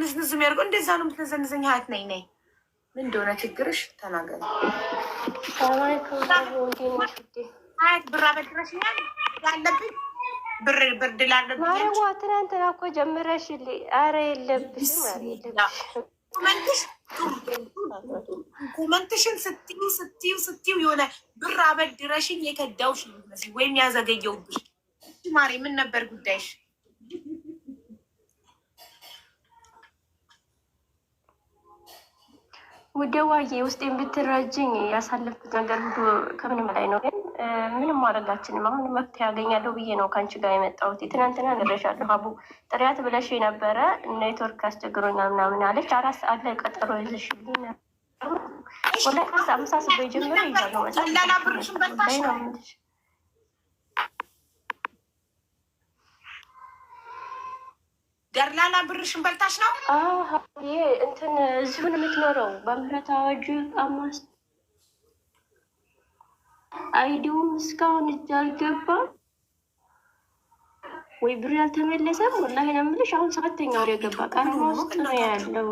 ነስንስ የሚያደርገው እንደዛ ነው የምትነዘንዘኝ። ሀያት ነኝ ነኝ ምን እንደሆነ ችግርሽ ሀያት ብር አበድረሽኛል ያለብኝ ብር ብርድ ላለብኝ ትናንትና እኮ አረ የለብሽ ኮመንትሽን ስትዩ ስትዩ ስትዩ የሆነ ብር አበድረሽኝ የከዳውሽ ወይም ያዘገየውብሽ ማሬ ምን ነበር ጉዳይሽ? ውደዋዬ ውስጤን ብትረጅኝ ያሳለፍኩት ነገር ሁሉ ከምንም ላይ ነው። ግን ምንም ማድረጋችንም አሁን መፍትሄ ያገኛለሁ ብዬ ነው ከአንቺ ጋር የመጣሁት። ትናንትና ንረሻለሁ አቡ ጥሪያት ብለሽ ነበረ ኔትወርክ ያስቸግሮኛል ምናምን አለች። አራት ሰዓት ላይ ቀጠሮ ይዘሽ ወላይ አምሳ ስበ ጀምሮ ይዛለሁ መጣ ነው ምንሽ ደርላላ ብርሽን በልታች ነው ይሄ እንትን እዚሁን የምትኖረው በምህረት አዋጅ አማስ አይዲውም እስካሁን እጅ አልገባም ወይ ብር ያልተመለሰም። ወላሂ ነው የምልሽ። አሁን ሰባተኛ ወር የገባ ቀርሞ ውስጥ ነው ያለው።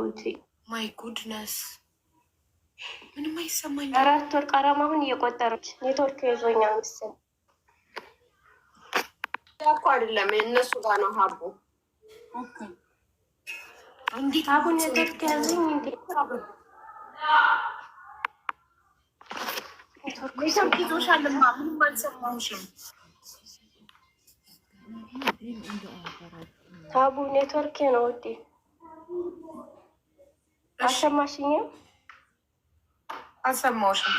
ማይ ጉድነስ ምንም አይሰማኝ። አራት ወር ቀረማ አሁን እየቆጠረች ኔትወርክ ይዞኛል ምስል እኮ አይደለም እነሱ ጋር ነው ሀቡ አሁን የተያዘኝ ይዞሻልማ ምንም ታቡ ኔትወርክ ነው ውዴ፣ አልሰማሽኝም? አልሰማሁሽም።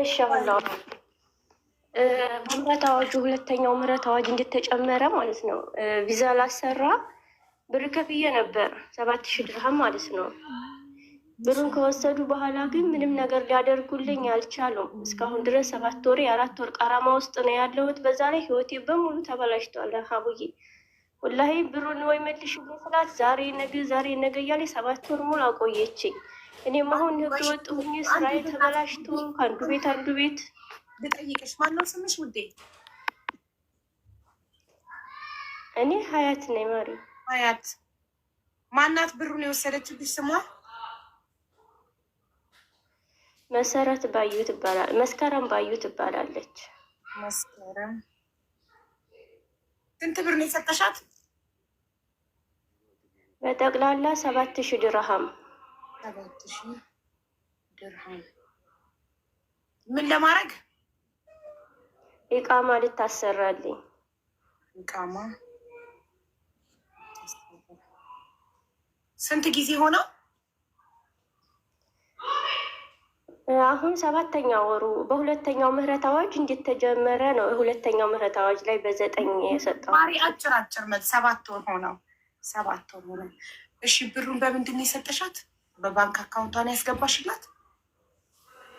እሺ አሁን በምህረት አዋጁ ሁለተኛው ምህረት አዋጅ እንደተጨመረ ማለት ነው። ቪዛ ላሰራ ብር ከፍዬ ነበር ሰባት ሺህ ድርሃም ማለት ነው። ብሩን ከወሰዱ በኋላ ግን ምንም ነገር ሊያደርጉልኝ አልቻሉም። እስካሁን ድረስ ሰባት ወር የአራት ወር ቃራማ ውስጥ ነው ያለሁት። በዛ ላይ ህይወቴ በሙሉ ተበላሽቷል። ሀቡዬ ወላሂ ብሩን ወይ መልሽ ስላት ዛሬ ነገ፣ ዛሬ ነገ እያለ ሰባት ወር ሙሉ አቆየችኝ። እኔም አሁን ህገወጥ ሁኜ ስራዬ ተበላሽቶ ከአንዱ ቤት አንዱ ቤት ልጠይቅሽ፣ ማነው ስምሽ ውዴ? እኔ ሀያት ነኝ። ማሪ ሀያት ማናት? ብሩን የወሰደችብሽ ስሟ መሰረት ባዩ ትባላለች። መስከረም ባዩ ትባላለች። መስከረም ስንት ብር ነው የሰጠሻት? በጠቅላላ ሰባት ሺህ ድርሃም። ሰባት ሺ ድርሃም ምን ለማድረግ ኢቃማ ልታሰራልኝ ኢቃማ ስንት ጊዜ ሆነው? አሁን ሰባተኛ ወሩ በሁለተኛው ምህረት አዋጅ እንደተጀመረ ነው። ሁለተኛው ምህረት አዋጅ ላይ በዘጠኝ የሰጠው ማሪ አጭር አጭር መት ሰባት ወር ሆነው ሰባት ወር ሆነ። እሺ ብሩን በምንድን ነው የሰጠሻት? በባንክ አካውንቷን ያስገባሽላት?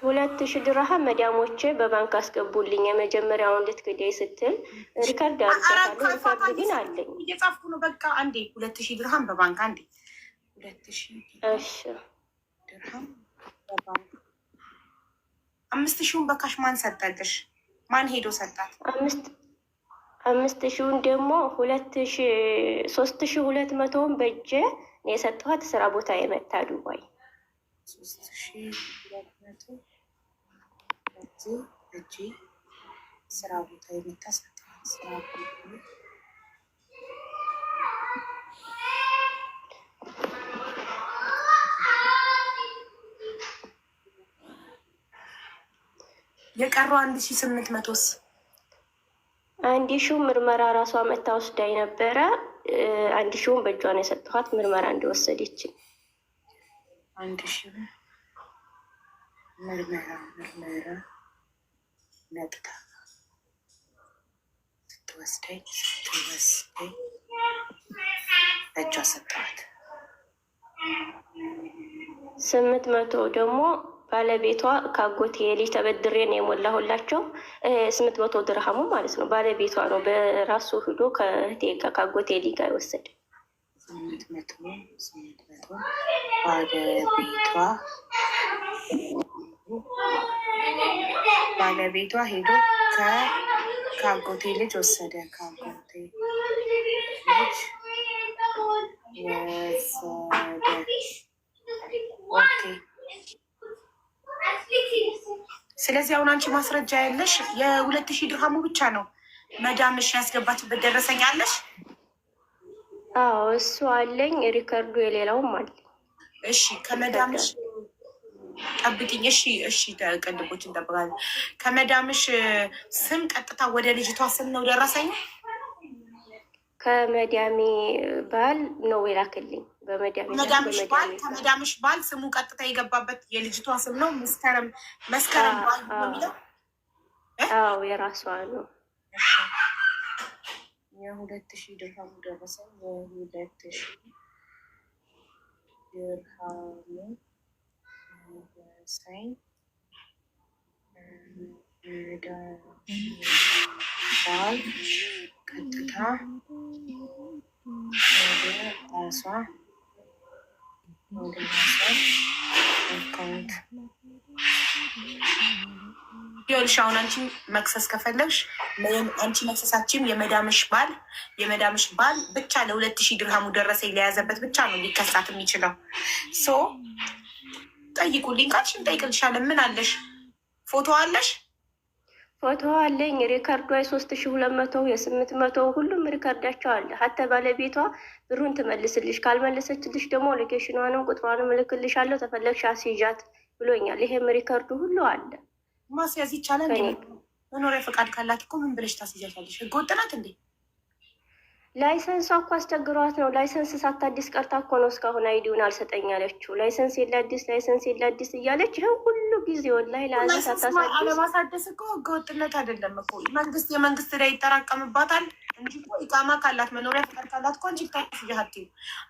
ሁለት ሺ ድርሃም መዳሞቼ በባንክ አስገቡልኝ የመጀመሪያውን ልትክደይ ስትል ሪከርድ አድርጋለሁ። ሪከርድ ግን አለኝ እየጻፍኩ ነው። በቃ አንዴ ሁለት ሺ ድርሃም በባንክ አንዴ ሁለት ሺ እሺ ድርሃም በባንክ አምስት ሺውን በካሽ ማን ሰጠልሽ? ማን ሄዶ ሰጣት? አምስት አምስት ሺውን ደግሞ ሁለት ሺ ሶስት ሺ ሁለት መቶውን በእጄ ነው የሰጠኋት። ስራ ቦታ የመታ ዱባይ ሶስት ሺ ሁለት መቶ በዚህ እጅ ስራ ቦታ የምታሰጣ ስራ የቀሩ አንድ ሺ ስምንት መቶስ አንድ ሺው ምርመራ ራሷ መታ ወስዳኝ ነበረ። አንድ ሺውን በእጇን የሰጠኋት ምርመራ እንደወሰደች አንድ ሺ ምርመራ ምርመራ ነቅታ ስትወስደኝ ስትወስደኝ እጇ ሰጠዋት። ስምንት መቶ ደግሞ ባለቤቷ ካጎቴ ልጅ ተበድሬ ነው የሞላሁላቸው። ስምንት መቶ ድርሃሙ ማለት ነው። ባለቤቷ ነው በራሱ ሂዶ ከእህቴ ጋር ካጎቴ ልጅ ጋር ይወሰድ። ስምንት መቶ ስምንት መቶ ባለቤቷ ባለቤቷ ሄዶ ከአጎቴ ልጅ ወሰደ። ከአጎቴ ልጅ ኦኬ። ስለዚህ አሁን አንቺ ማስረጃ ያለሽ የሁለት ሺህ ድርሃሙ ብቻ ነው። መዳምሽ ያስገባችበት ደረሰኝ አለሽ? አዎ እሱ አለኝ። ሪከርዱ የሌላውም አለ። እሺ ከመዳምሽ ጠብቅኝ። እሺ፣ እሺ፣ ቅንድቦች እንጠብቃለን። ከመዳምሽ ስም ቀጥታ ወደ ልጅቷ ስም ነው ደረሰኝ። ከመዳሜ ባል ነው የላክልኝ። ከመዳምሽ ባል ስሙ ቀጥታ የገባበት የልጅቷ ስም ነው። መስከረም መስከረም ባል ነው የሚለው። አዎ የራሷ ነው። የሁለት ሺህ ድርሃሙ ደረሰኝ የሁለት ሺህ ድርሃሙ ሳይ ቀጥታ ወደ ራሷ ወደ ራሷ አካውንት ይኸውልሽ አሁን አንቺ መክሰስ ከፈለግሽ አንቺ መክሰሳችን የመዳምሽ ባል የመዳምሽ ባል ብቻ ለሁለት ሺህ ድርሃሙ ደረሰኝ ለያዘበት ብቻ ነው ሊከሳት የሚችለው ሶ ጠይቁልኝ ካልሽ እንጠይቅልሻለን። ምን አለሽ? ፎቶ አለሽ? ፎቶ አለኝ። ሪከርዷ የሶስት ሺ ሁለት መቶ የስምንት መቶ ሁሉም ሪከርዳቸው አለ። ሀተ ባለቤቷ ብሩን ትመልስልሽ፣ ካልመለሰችልሽ ደግሞ ሎኬሽኗንም ቁጥሯንም እልክልሽ አለው ተፈለግሽ አስይዣት ብሎኛል። ይሄም ሪከርዱ ሁሉ አለ። ማስያዝ ይቻላል። መኖሪያ ፈቃድ ካላት እኮ ምን ብለሽ ታስይዣታለሽ? ህገወጥ ናት እንዴ? ላይሰንሷ እኮ አስቸግሯት ነው። ላይሰንስ ሳታዲስ ቀርታ እኮ ነው እስካሁን አይዲውን አልሰጠኝ ያለችው። ላይሰንስ የለ አዲስ ላይሰንስ የለ አዲስ እያለች ይህን ሁሉ ጊዜ ወላሂ ለአለማሳደስ እኮ ህገወጥነት አይደለም እኮ መንግስት የመንግስት ላይ ይጠራቀምባታል እንጂ ኢቃማ ካላት መኖሪያ ፍቃድ ካላት እኮ አንቺ ታያሀት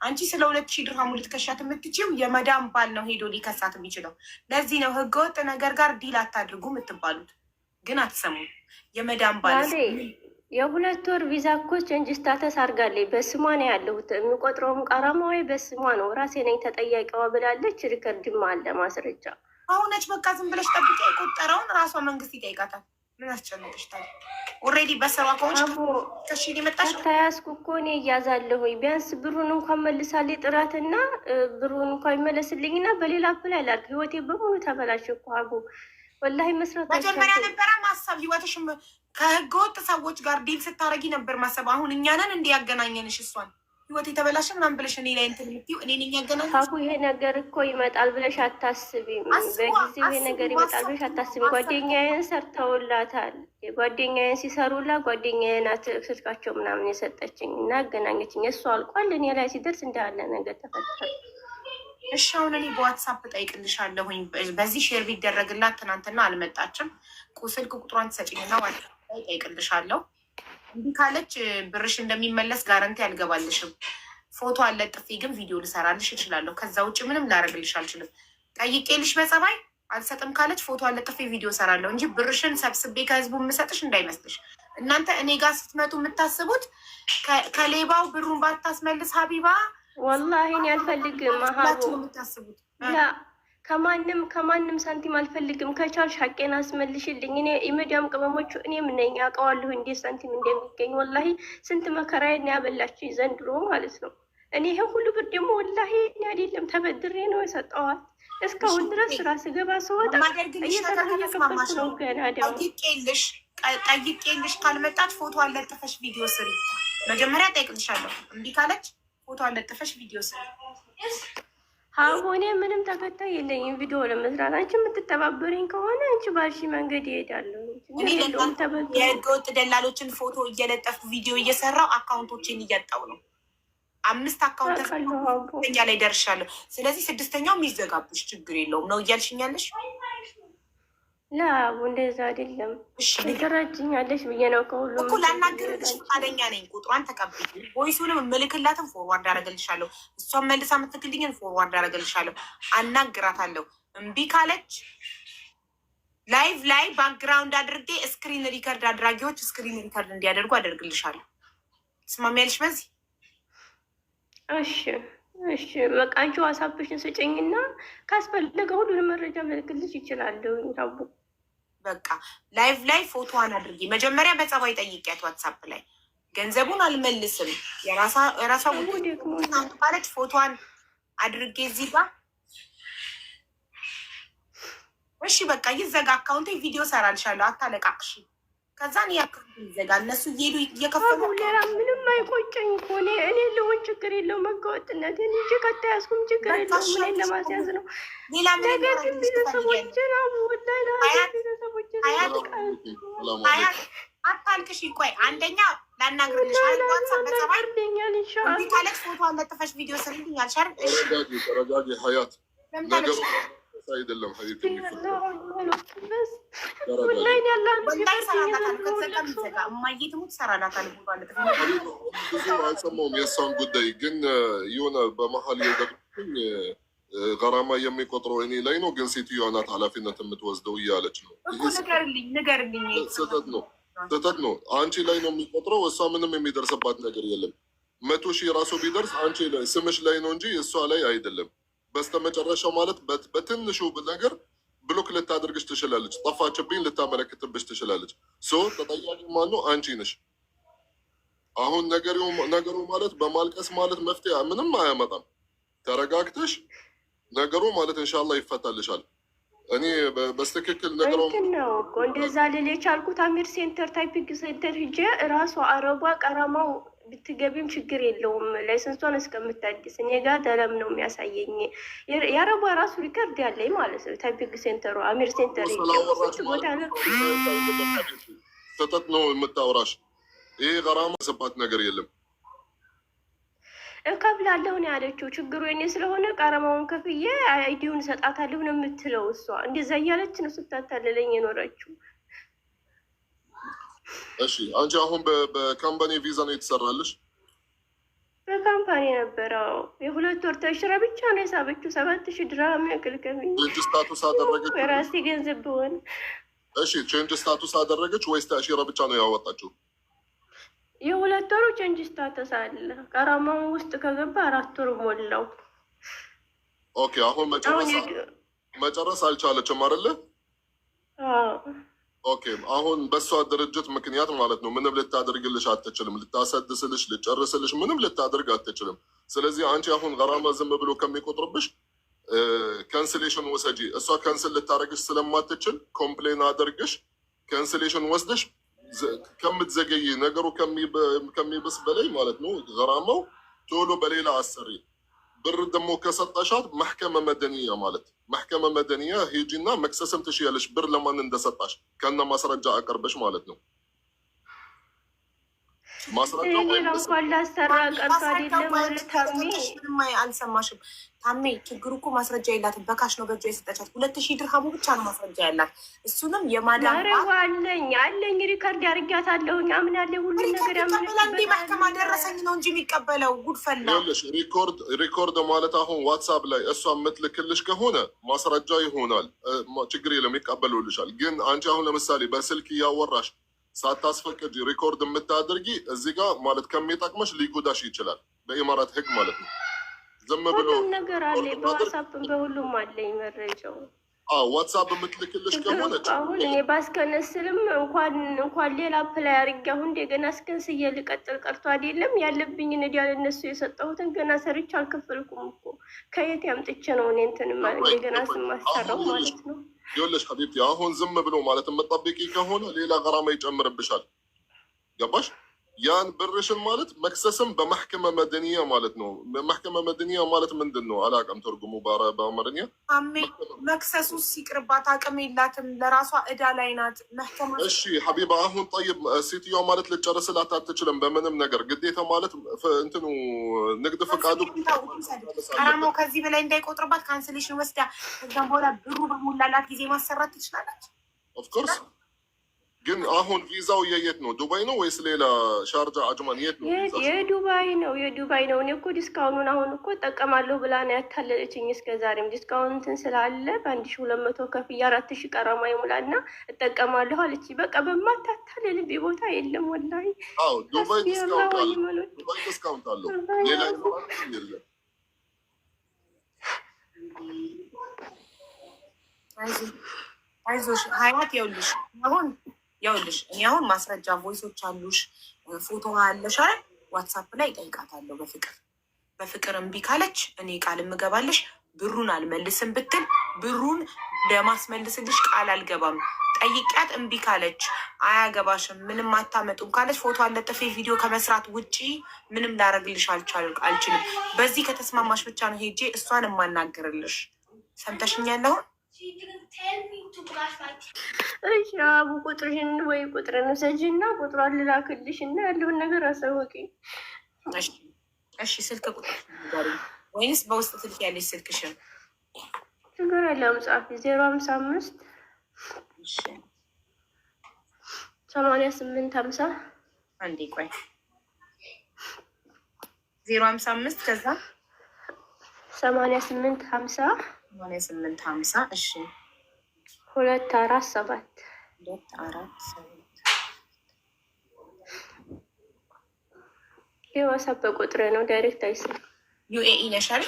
አንቺ ስለ ሁለት ሺህ ድርሃሙ ልትከሻት የምትችይው የመዳም ባል ነው ሄዶ ሊከሳት የሚችለው። ለዚህ ነው ህገወጥ ነገር ጋር ዲል አታድርጉ የምትባሉት፣ ግን አትሰሙም። የመዳም ባል የሁለት ወር ቪዛ እኮ ቼንጅ ስታተስ አድርጋለች። በስሟ ነው ያለሁት የሚቆጥረውም ቀረማ ወይ በስሟ ነው ራሴ ነኝ ተጠያቂዋ ብላለች። ሪከርድም አለ ማስረጃ። አሁነች በቃ ዝም ብለሽ ጠብቂ። የቆጠረውን ራሷ መንግስት ይጠይቃታል። ምን አስጨነቅሽ ታዲያ? ኦልሬዲ በሰባ ከሆነች ከሺ ሊመጣሽ ተያዝኩ እኮ እኔ እያዛለሁ። ቢያንስ ብሩን እንኳን መልሳሌ ጥራትና ብሩን እንኳን ይመለስልኝና በሌላ ፕላይ ላርግ። ህይወቴ በሙሉ ተበላሽ እኮ አቡ ወላሂ መስራት መጀመሪያ ነበረ ማሰብ ህይወትሽም ከህገ ወጥ ሰዎች ጋር ዲል ስታደረጊ ነበር ማሰብ። አሁን እኛንን እንዲያገናኘንሽ እሷን ህይወት የተበላሸ ምናምን ብለሽ እኔ ላይ እንትን የምትይው እኔን እያገናኘ ካኩ ይሄ ነገር እኮ ይመጣል ብለሽ አታስቢም። በጊዜ ይሄ ነገር ይመጣል ብለሽ አታስቢም። ጓደኛዬን ሰርተውላታል። ጓደኛዬን ሲሰሩላ ጓደኛዬን ስልካቸው ምናምን የሰጠችኝ እና አገናኘችኝ። እሱ አልቋል። እኔ ላይ ሲደርስ እንዳለ ነገር ተፈጠረ። እሺ አሁን እኔ በዋትሳፕ ጠይቅልሻለሁኝ። በዚህ ሼር ቢደረግላት ትናንትና አልመጣችም። ስልክ ቁጥሯን ትሰጪኝና ዋትሳፕ ጠይቅልሻለሁ። እንዲህ ካለች ብርሽ እንደሚመለስ ጋረንቲ አልገባልሽም። ፎቶ አለጥፌ ግን ቪዲዮ ልሰራልሽ እችላለሁ። ከዛ ውጭ ምንም ላረግልሽ አልችልም። ጠይቄልሽ በጸባይ አልሰጥም ካለች ፎቶ አለጥፊ፣ ቪዲዮ ሰራለሁ እንጂ ብርሽን ሰብስቤ ከህዝቡ የምሰጥሽ እንዳይመስልሽ። እናንተ እኔ ጋር ስትመጡ የምታስቡት ከሌባው ብሩን ባታስመልስ ሀቢባ ወላሂ እኔ አልፈልግም። ከማንም ከማንም ሳንቲም አልፈልግም። ከቻልሽ ሀቄን አስመልሽልኝ። እኔ የመዳም ቅመሞቹ እኔም ነኝ አውቀዋለሁ እንዴ ሳንቲም እንደሚገኝ። ወላሂ ስንት መከራ መከራዬን ያበላችኝ ዘንድሮ ማለት ነው። እኔ ይህን ሁሉ ብር ደግሞ ወላሂ እኔ አይደለም ተበድሬ ነው የሰጠዋት። እስካሁን ድረስ ስራ ስገባ ስወጣ እየሰራሽ ነው። ገና ደግሞ ጠይቄልሽ ካልመጣች ፎቶ አለጥፈሽ ቪዲዮ ስሪ። መጀመሪያ ጠይቅልሻለሁ። እምቢ ካለች ፎቶ አለጥፈሽ ቪዲዮ ስ ሆኔ ምንም ተከታይ የለኝም። ቪዲዮ ለመስራት አንቺ የምትተባበረኝ ከሆነ አንቺ ባልሽ መንገድ ይሄዳለሁ። የህገወጥ ደላሎችን ፎቶ እየለጠፍኩ ቪዲዮ እየሰራው አካውንቶችን እያጣው ነው። አምስት አካውንት ተኛ ላይ ደርሻለሁ። ስለዚህ ስድስተኛው የሚዘጋብሽ ችግር የለውም ነው እያልሽኛለሽ ና እንደዛ አይደለም። ትረጅኛለሽ ብዬ ነው ከሁሉ እኮ ላናግርልሽ ፈቃደኛ ነኝ። ቁጥሯን ተቀብዬ ቮይሱንም እምልክላትን ፎርዋርድ አደረግልሻለሁ። እሷን መልሳ ፎርዋርድ አደረግልሻለሁ። አናግራታለሁ። እምቢ ካለች ላይቭ ላይ ባክግራውንድ አድርጌ ስክሪን ሪከርድ አድራጊዎች ስክሪን ሪከርድ እንዲያደርጉ አደርግልሻለሁ። ትስማሚያለሽ በዚህ? እሺ እሺ በቃ አንቺ ስጭኝና ካስፈለገ ሁሉንም መረጃ መልክልሽ ይችላለሁ ታቦ በቃ ላይቭ ላይ ፎቶዋን አድርጊ። መጀመሪያ በጸባይ ጠይቂያት ዋትሳፕ ላይ ገንዘቡን አልመልስም የራሷ ማለት ፎቶዋን አድርጌ እዚህ ጋር እሺ፣ በቃ ይዘጋ አካውንቴ ቪዲዮ ሰራልሻለሁ፣ አታለቃቅሽ ከዛን ያክል ይዘጋል። እነሱ እየሄዱ እየከፈሉ ምንም አይቆጨኝ እኮ እኔ እኔ ልሆን ችግር የለው መጋወጥነት እጅ ከተያዝኩም ችግር የለው። ምን ለማስያዝ ነው? ነገር ግን ቤተሰቦችን አታልቅሽ። ቆይ አንደኛ ላናግርልሽ ፎቶ አለጥፈሽ ቪዲዮ ስልልኝ አልሻር ተረጋጊ ሀያት ነገር አይደለም ሀይት አልሰማሁም የእሷን ጉዳይ ግን የሆነ በመሀል የገብኝ ገራማ የሚቆጥረው እኔ ላይ ነው። ግን ሴትዮዋ ናት ኃላፊነት የምትወስደው እያለች ነው። ስህተት ነው፣ ስህተት ነው። አንቺ ላይ ነው የሚቆጥረው። እሷ ምንም የሚደርስባት ነገር የለም። መቶ ሺህ ራሱ ቢደርስ አንቺ ስምሽ ላይ ነው እንጂ እሷ ላይ አይደለም። በስተመጨረሻው ማለት በትንሹ ነገር ብሎክ ልታደርግሽ ትችላለች። ጠፋችብኝ ልታመለክትብሽ ትችላለች። ሶ ተጠያቂ ማነው? አንቺ ነሽ። አሁን ነገሩ ማለት በማልቀስ ማለት መፍትሄ ምንም አያመጣም። ተረጋግተሽ ነገሩ ማለት እንሻላ ይፈታልሻል። እኔ በስትክክል ነገሩ ነው እንደዛ ልል የቻልኩት አሚር ሴንተር ታይፒንግ ሴንተር ሂጄ እራሷ አረቧ ቀረማው ብትገቢም ችግር የለውም። ላይሰንሷን እስከምታድስ እኔ ጋር ተለም ነው የሚያሳየኝ። የአረቧ ራሱ ሪከርድ ያለኝ ማለት ነው። ታይፒንግ ሴንተሩ አሚር ሴንተር ቦታ ነው የምታወራሽ። ይህ ቀራማ ሰባት ነገር የለም እከፍላለሁ ነው ያለችው። ችግሩ የኔ ስለሆነ ቀረማውን ከፍዬ አይዲውን ሰጣታለሁ ነው የምትለው እሷ። እንደዛ እያለች ነው ስታታለለኝ የኖረችው። እሺ አንቺ አሁን በካምፓኒ ቪዛ ነው የተሰራልሽ? በካምፓኒ ነበረው። የሁለት ወር ተሽረ ብቻ ነው የሳበችው። ሰባት ሺ ድራም ያክልከሚ ቼንጅ ስታቱስ አደረገች። የራሴ ገንዘብ ብሆን እሺ። ቼንጅ ስታቱስ አደረገች ወይስ ሽረ ብቻ ነው ያወጣችው? የሁለት ወሩ ቼንጅ ስታተስ አለ። ቀራማው ውስጥ ከገባ አራት ወር ሞላው። ኦኬ። አሁን መጨረስ አልቻለችም አይደለ? ኦኬ አሁን በእሷ ድርጅት ምክንያት ማለት ነው ምንም ልታደርግልሽ አትችልም። ልታሳድስልሽ፣ ልጨርስልሽ ምንም ልታደርግ አትችልም። ስለዚህ አንቺ አሁን ገራማ ዝም ብሎ ከሚቆጥርብሽ ካንስሌሽን ወሰጂ። እሷ ካንስል ልታደርግሽ ስለማትችል ኮምፕሌን አድርግሽ ካንስሌሽን ወስደሽ ከምትዘገይ ነገሩ ከሚብስ በላይ ማለት ነው ገራማው ቶሎ በሌላ አሰሪ ብር ደግሞ ከሰጠሻት መሕከመ መደንያ ማለት መሕከመ መደንያ ሄጂና መክሰስም ትችያለሽ፣ ብር ለማን እንደሰጣሽ ከነ ማስረጃ አቅርበሽ ማለት ነው። አልሰማሽም ታሜ? ችግሩ እኮ ማስረጃ የላትም። በካሽ ነው በእጇ የሰጠቻት። ሁለት ሺህ ድርሃሙ ብቻ ነው ማስረጃ ያላት። እሱንም አለኝ ሪከርድ ሁሉ ነገር ደረሰኝ ነው እንጂ የሚቀበለው ሪኮርድ ማለት አሁን ዋትሳፕ ላይ እሷ የምትልክልሽ ከሆነ ማስረጃ ይሆናል። ችግር የለም ይቀበሉልሻል። ግን አንቺ አሁን ለምሳሌ በስልክ እያወራሽ ሳታስፈቅድ ሪኮርድ የምታደርጊ እዚህ ጋር ማለት ከሚጠቅመሽ ሊጎዳሽ ይችላል። በኢማራት ህግ ማለት ነው። ዝም ብሎ ነገር አለ። በዋትሳፕ በሁሉም አለኝ መረጃው። ዋትሳፕ የምትልክልሽ ከሆነች አሁን እኔ ባስከነስልም እንኳን እንኳን ሌላ ፕላይ አድርጌ አሁን እንደገና አስከንስዬ ልቀጥል ቀርቶ አይደለም ያለብኝን እዳ ለእነሱ የሰጠሁትን ገና ሰርቼ አልከፈልኩም እኮ ከየት ያምጥቼ ነው እኔ እንትን እንደገና ስማሰራው ማለት ነው ይኸውልሽ ሐቢብቲ አሁን ዝም ብሎ ማለት የምጠብቂ ከሆነ ሌላ ገራማ ይጨምርብሻል። ገባሽ? ያን ብርሽን ማለት መክሰስም በማሕከመ መደንያ ማለት ነው። ማሕከመ መደንያ ማለት ምንድን ነው? አላውቅም ትርጉሙ በአማርኛ። መክሰሱ ሲቅርባት አቅም የላትም ለራሷ እዳ ላይ ናት። እሺ ሐቢባ አሁን ጠይብ፣ ሴትዮዋ ማለት ልጨርስላት አትችልም በምንም ነገር። ግዴታ ማለት እንትኑ ንግድ ፈቃዱ ቀረመው ከዚህ በላይ እንዳይቆጥርባት ካንስሌሽን ወስዳ ከዚያም በኋላ ብሩ በሞላላት ጊዜ ማሰራት ትችላለች ኦፍኮርስ ግን አሁን ቪዛው የየት ነው? ዱባይ ነው ወይስ ሌላ ሻርጃ አጅማን የት ነው? የዱባይ ነው፣ የዱባይ ነው። እኔ እኮ ዲስካውኑን አሁን እኮ እጠቀማለሁ ብላ ነው ያታለለችኝ። እስከ ዛሬም ዲስካውንትን ስላለ በአንድ ሺ ሁለት መቶ ከፍዬ አራት ሺ ቀረማ ይሙላና እጠቀማለሁ አለች። በቃ በማታታልል ቦታ የለም ወላሂ። ዱባይ ዲስካውንት አለው፣ ሌላ የለም። አይዞሽ ሀያት ይኸውልሽ አሁን ያውልሽ እኔ አሁን ማስረጃ ቮይሶች አሉሽ፣ ፎቶ አለሽ። አረ ዋትሳፕ ላይ እጠይቃታለሁ በፍቅር በፍቅር እምቢ ካለች እኔ ቃል እምገባለሽ ብሩን አልመልስም ብትል ብሩን ለማስመልስልሽ ቃል አልገባም። ጠይቂያት እምቢ ካለች አያገባሽም፣ ምንም አታመጡም ካለች ፎቶ አለጥፌ ቪዲዮ ከመስራት ውጪ ምንም ላረግልሽ አልችልም። በዚህ ከተስማማሽ ብቻ ነው ሄጄ እሷን የማናገርልሽ። ሰምተሽኛል አሁን እሺ አቡ ቁጥርሽን ወይ ቁጥርን ውሰጂና ቁጥሯን ልላክልሽና ያለውን ነገር አሳወቂ። እሺ ስልክ ቁጥር ወይስ በውስጥ ስልክ ያለሽ ስልክሽን ችግር የለም ጻፊ ዜሮ ሀምሳ አምስት ሰማንያ ስምንት ሀምሳ አንዴ ቆይ ዜሮ ሀምሳ አምስት ከዛ ሰማንያ ስምንት ሀምሳ ሆነ ስምንት ሀምሳ እሺ ሁለት አራት ሰባት ሁለት አራት ሰባት የዋሳብ በቁጥር ነው። ዳይሬክት አይስል ዩኤኢ ነሻል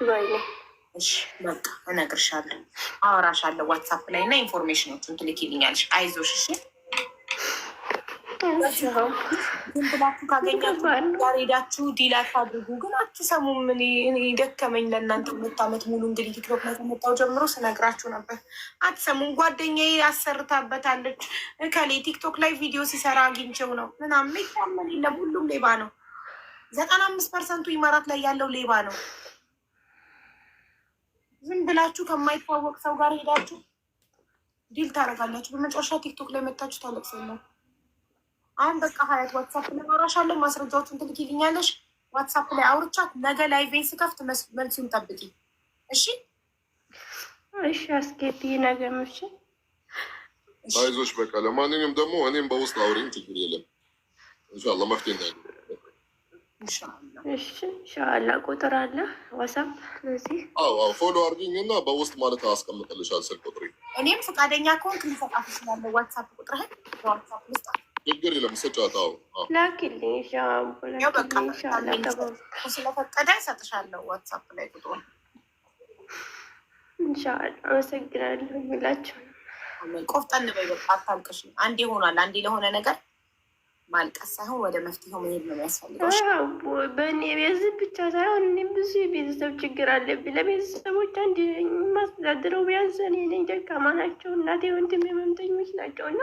ዱባይ ነው። እሺ በቃ እነግርሻለሁ፣ አወራሻለሁ ዋትሳፕ ላይ እና ኢንፎርሜሽኖቹን ትልኪልኛለሽ። አይዞሽ እሺ ዝም ብላችሁ ካገኛችሁ ሄዳችሁ ዲላት አድርጉ። ግን አትሰሙም። እኔ ደከመኝ። ለእናንተ ሁለት ዓመት ሙሉ እንግዲህ ቲክቶክ ከመጣሁ ጀምሮ ስነግራችሁ ነበር። አትሰሙም። ጓደኛዬ አሰርታበታለች። እከሌ ቲክቶክ ላይ ቪዲዮ ሲሰራ አግኝቼው ነው ምናምን። ይታመን የለም ሁሉም ሌባ ነው። ዘጠና አምስት ፐርሰንቱ ኢማራት ላይ ያለው ሌባ ነው። ዝም ብላችሁ ከማይታወቅ ሰው ጋር ሄዳችሁ ዲል ታደርጋላችሁ። በመጨረሻ ቲክቶክ ላይ መታችሁ ታለቅሰላችሁ። አሁን በቃ ሀያት ዋትሳፕ ላይ አወራሻለሁ፣ ማስረጃዎቹን ትልኪልኛለሽ። ዋትሳፕ ላይ አውርቻት ነገ ላይቬን ስከፍት መልሱን ጠብቂ። እሺ እሺ። አስጌት ነገ ምሽል አይዞሽ፣ በቃ ለማንኛውም ደግሞ እኔም በውስጥ አውሪኝ፣ ችግር የለም። እንሻላ መፍትሄ ና እንሻላ ቁጥር አለ ዋሳፕ ለዚህ ፎሎ አርጊኝ እና በውስጥ ማለት አስቀምጠልሻል ስልክ ቁጥሬ። እኔም ፈቃደኛ ከሆንክ ልሰጣት እችላለሁ፣ ዋትሳፕ ቁጥርህን ዋትሳፕ ልስጥ ችግር የለም። ስጫወታው ስለፈቀደ እሰጥሻለሁ። ዋትሳፕ ላይ ቁጥሩ ኢንሻላህ። አመሰግናለሁ። የሚላቸው ቆፍጠን በይ፣ በቃ አታልቅሽ። አንዴ ሆኗል፣ አንዴ ለሆነ ነገር ማልቀስ ሳይሆን ወደ መፍትሄው መሄድ ነው የሚያስፈልገው። በእኔ ቤዝ ብቻ ሳይሆን እኔም ብዙ የቤተሰብ ችግር አለብኝ። ለቤተሰቦች አንድ የማስተዳድረው ቢያንስ እኔ ነኝ። ደካማ ናቸው። እናቴ፣ ወንድም ህመምተኞች ናቸው እና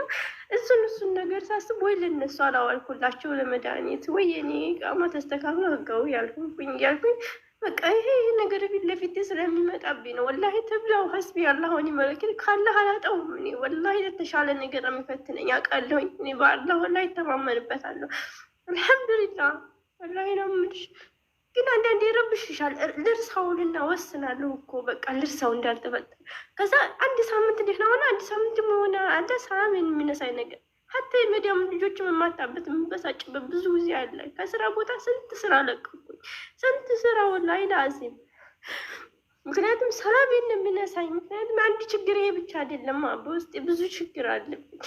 እሱን እሱን ነገር ሳስብ ወይ ለነሱ አላዋልኩላቸው ለመድኃኒት ወይ የኔ ቃማ ተስተካክሎ ህጋዊ ያልኩኝ ያልኩኝ በቃ ይሄ ይህ ነገር ፊት ለፊት ስለሚመጣብኝ ነው። ወላ ተብላው ሀስቢ አላህ መለክል ካለ አላጠውም። እኔ ወላ የተሻለ ነገር የሚፈትነኝ አውቃለሁኝ። እኔ በአላህ ወላሂ ይተማመንበታለሁ። አልሐምዱሊላ ወላ ነው የምልሽ። ግን አንዳንዴ ይረብሽሻል። ልርሳውንና ወስናለሁ እኮ በቃ ልርሳው እንዳልተፈጠረ ከዛ አንድ ሳምንት ደህና ሆነ፣ አንድ ሳምንት ሆነ አንተ ሰላም የሚነሳይ ነገር ሀታ የመዲያም ልጆች የማታበት የምበሳጭበት ብዙ ጊዜ አለ። ከስራ ቦታ ስንት ስራ ለቀኩኝ፣ ስንት ስራ ወላሂ ለአዚም። ምክንያቱም ሰላም ነው የሚነሳኝ። ምክንያቱም አንድ ችግር ይሄ ብቻ አይደለም፣ በውስጥ ብዙ ችግር አለብኝ።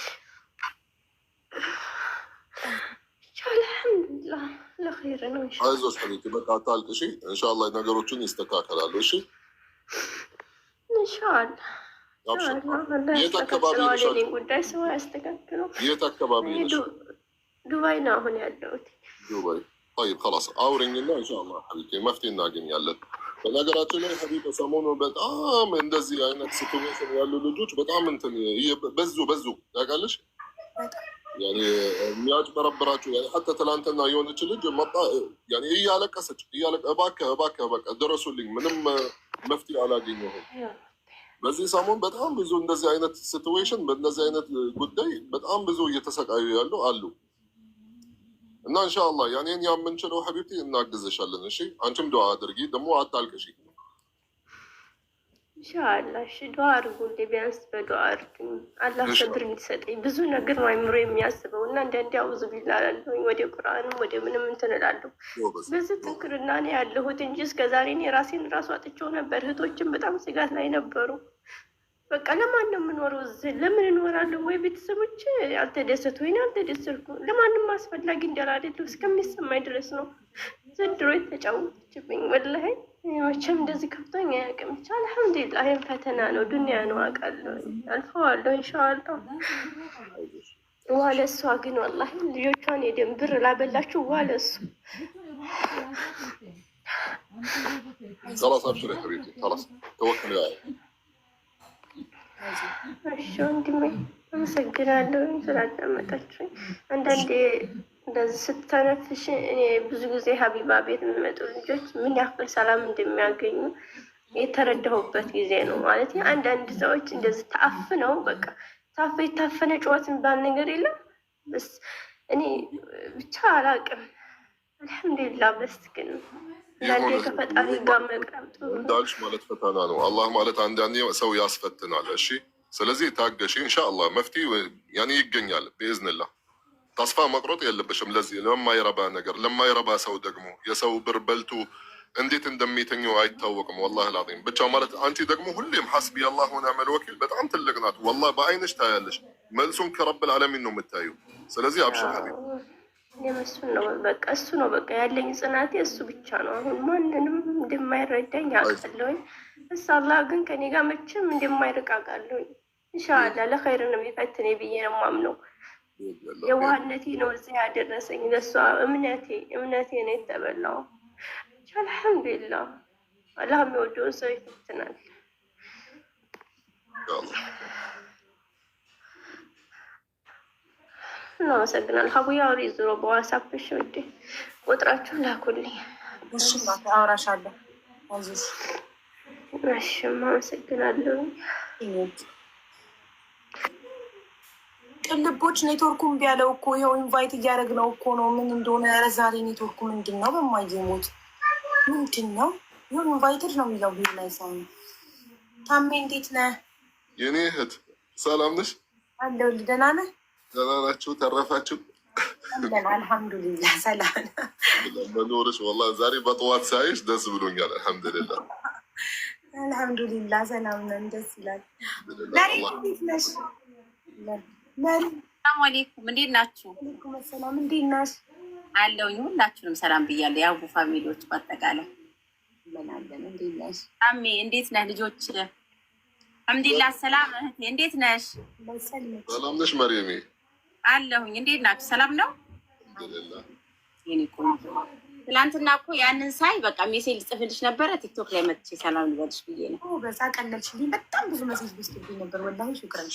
አልሐምዱሊላህ ለኸይር ነው። አይዞሽ ሐቢብቲ በቃ አታልቅሺ። ኢንሻላህ ነገሮችን ይስተካከላሉ። እሺ እንሻላ የት አካባቢ ጉዳይ ሰው ያስተካክለው። የት አካባቢ ዱባይ ነው አሁን ያለሁት። ዱባይ طيب خلاص አውሪኝና ኢንሻአላህ መፍትሄ እናገኛለን። በነገራችን ላይ ሐቢብ ሰሞኑ በጣም እንደዚህ አይነት ሲትዌሽን ያሉ ልጆች በጣም እንትን በዙ በዙ ታውቃለሽ። የሚያጭበረብራቸው ሐታ ትላንትና የሆነች ልጅ መጣ እያለቀሰች እባክህ እባክህ በቃ ድረሱልኝ፣ ምንም መፍትሄ አላገኘሁም በዚህ ሰሞን በጣም ብዙ እንደዚህ አይነት ሲትዌሽን በእንደዚህ አይነት ጉዳይ በጣም ብዙ እየተሰቃዩ ያሉ አሉ እና እንሻ አላህ ያኔን የምንችለው ሀቢብቲ እናግዝሻለን። እሺ አንቺም ዱዓ አድርጊ ደግሞ አታልቅሽ ኢንሻአላህ እሺ፣ ዱአ አድርጉልኝ። ቢያንስ በዱአ አድርጉኝ። አላህ ሰብር እንዲሰጠኝ ብዙ ነገር አይምሮ የሚያስበው እና እንደ እንዲ አውዙ ወደ ቁርአንም ወደ ምንም እንትን እላለሁ። በዚህ ጥንክርና ነው ያለሁት እንጂ እስከ ዛሬ እኔ ራሴን ራሱ አጥቼው ነበር። እህቶችም በጣም ስጋት ላይ ነበሩ። በቃ ለማን ነው የምኖረው? እዚህ ለምን እኖራለሁ? ወይ ቤተሰቦች አልተደሰቱ ወይ አልተደሰልኩ። ለማንም አስፈላጊ እንዳላደለሁ እስከሚሰማኝ ድረስ ነው ዘንድሮ የተጫወተችብኝ ወላሂ መቼም እንደዚህ ከብቶኝ አያውቅም። ብቻ አልሐምዱሊላህ። ይህም ፈተና ነው፣ ዱኒያ ነው፣ አውቃለሁ። አልፈዋለሁ ኢንሻላህ። ዋለሱ ግን ወላሂ ልጆቿን የደም ብር ላበላችሁ ዋለሱ خلاص እሺ ወንድሜ አመሰግናለሁ ስላዳመጣችሁኝ አንዳንዴ እንደዚህ ስተነፍሽ እኔ ብዙ ጊዜ ሀቢባ ቤት የሚመጡ ልጆች ምን ያክል ሰላም እንደሚያገኙ የተረዳሁበት ጊዜ ነው ማለት አንዳንድ ሰዎች እንደዚህ ነው በቃ ታፍ የታፈነ ጨዋት የሚባል ነገር የለም። በስ እኔ ብቻ አላቅም። አልሐምዱሊላ በስ ግን አንዳንዴ ከፈጣሪ ጋር መቅረብ ጥሩ እንዳልሽ ማለት ፈተና ነው። አላህ ማለት አንዳንዴ ሰው ያስፈትናል። እሺ፣ ስለዚህ ታገሽ። ኢንሻአላህ መፍትሄ ያኔ ይገኛል ብኢዝንላህ ተስፋ መቁረጥ የለብሽም። ለዚህ ለማይረባ ነገር ለማይረባ ሰው ደግሞ የሰው ብር በልቶ እንዴት እንደሚተኘው አይታወቅም። ወላሂ ላዚም ብቻ ማለት አንቺ ደግሞ ሁሌም ሐስቢ አላህ አመል ወኪል በጣም ትልቅ ናት። ወላሂ በአይንሽ ታያለሽ። መልሱን ከረብል ዓለሚን ነው የምታዩ። ስለዚህ አብሽር ሀቢብ እሱ ነው በቃ እሱ ነው በቃ ያለኝ ጽናቴ እሱ ብቻ ነው። አሁን ማንንም እንደማይረዳኝ አውቃለሁኝ። እሱ አላህ ግን ከኔ ጋር መቼም እንደማይርቅ አውቃለሁኝ። ኢንሻላህ ለኸይር ነው የሚፈትኔ ብዬ ነው የማምነው። የዋህነቴ ነው እዚህ ያደረሰኝ። ለእሷ እምነቴ እምነቴ ነው የተበላው። ብቻ አልሐምዱሊላህ አላህ የሚወደውን ሰው ይፈትናል። እናመሰግናል። ሀቡያ አውሪ ዞሮ በዋሳፕሽ ውዴ ቁጥራችሁ ላኩልኝ። እሺ አውራሻለሁ። እሺ አመሰግናለሁ። ቅልቦች ኔትወርኩም ቢያለው እኮ ይኸው ኢንቫይት እያደረግ ነው እኮ ነው። ምን እንደሆነ ኧረ ዛሬ ኔትወርኩ ምንድን ነው? ሞት ምንድን ነው? ይሁን ኢንቫይትድ ነው የሚለው ብ ላይ ሰው ታሜ፣ እንዴት ነህ የኔ እህት? ሰላም ነሽ? አለሁልህ። ደህና ነህ? ደህና ናችሁ? ተረፋችሁ? አልሐምዱሊላህ ሰላም ዛሬ በጠዋት ሳይሽ ደስ ብሎኛል። አልሐምዱሊላህ አልሐምዱሊላህ፣ ሰላም ነን። ደስ ይላል። ሰላም አሌኩም እንዴት ናችሁ? ሰላም እንዴት ናት አለውኝ። ሁላችሁንም ሰላም ብያለሁ። የአቡ ፋሚሊዎች በአጠቃላይ አሜ እንዴት ነህ ልጆች? አልሐምዱሊላህ ሰላም። እህቴ እንዴት ነሽ? ሰላም ነሽ መሪሜ? አለሁኝ። እንዴት ናችሁ? ሰላም ነው። ትላንትና እኮ ያንን ሳይ በቃ ሜሴጅ ልጽፍልሽ ነበረ ቲክቶክ ላይ መጥቼ ሰላም ልበልሽ ብዬ ነው። በዛ ቀለልሽልኝ። በጣም ብዙ መሴጅ ብስጥብኝ ነበር ወላሂ። ሽክረን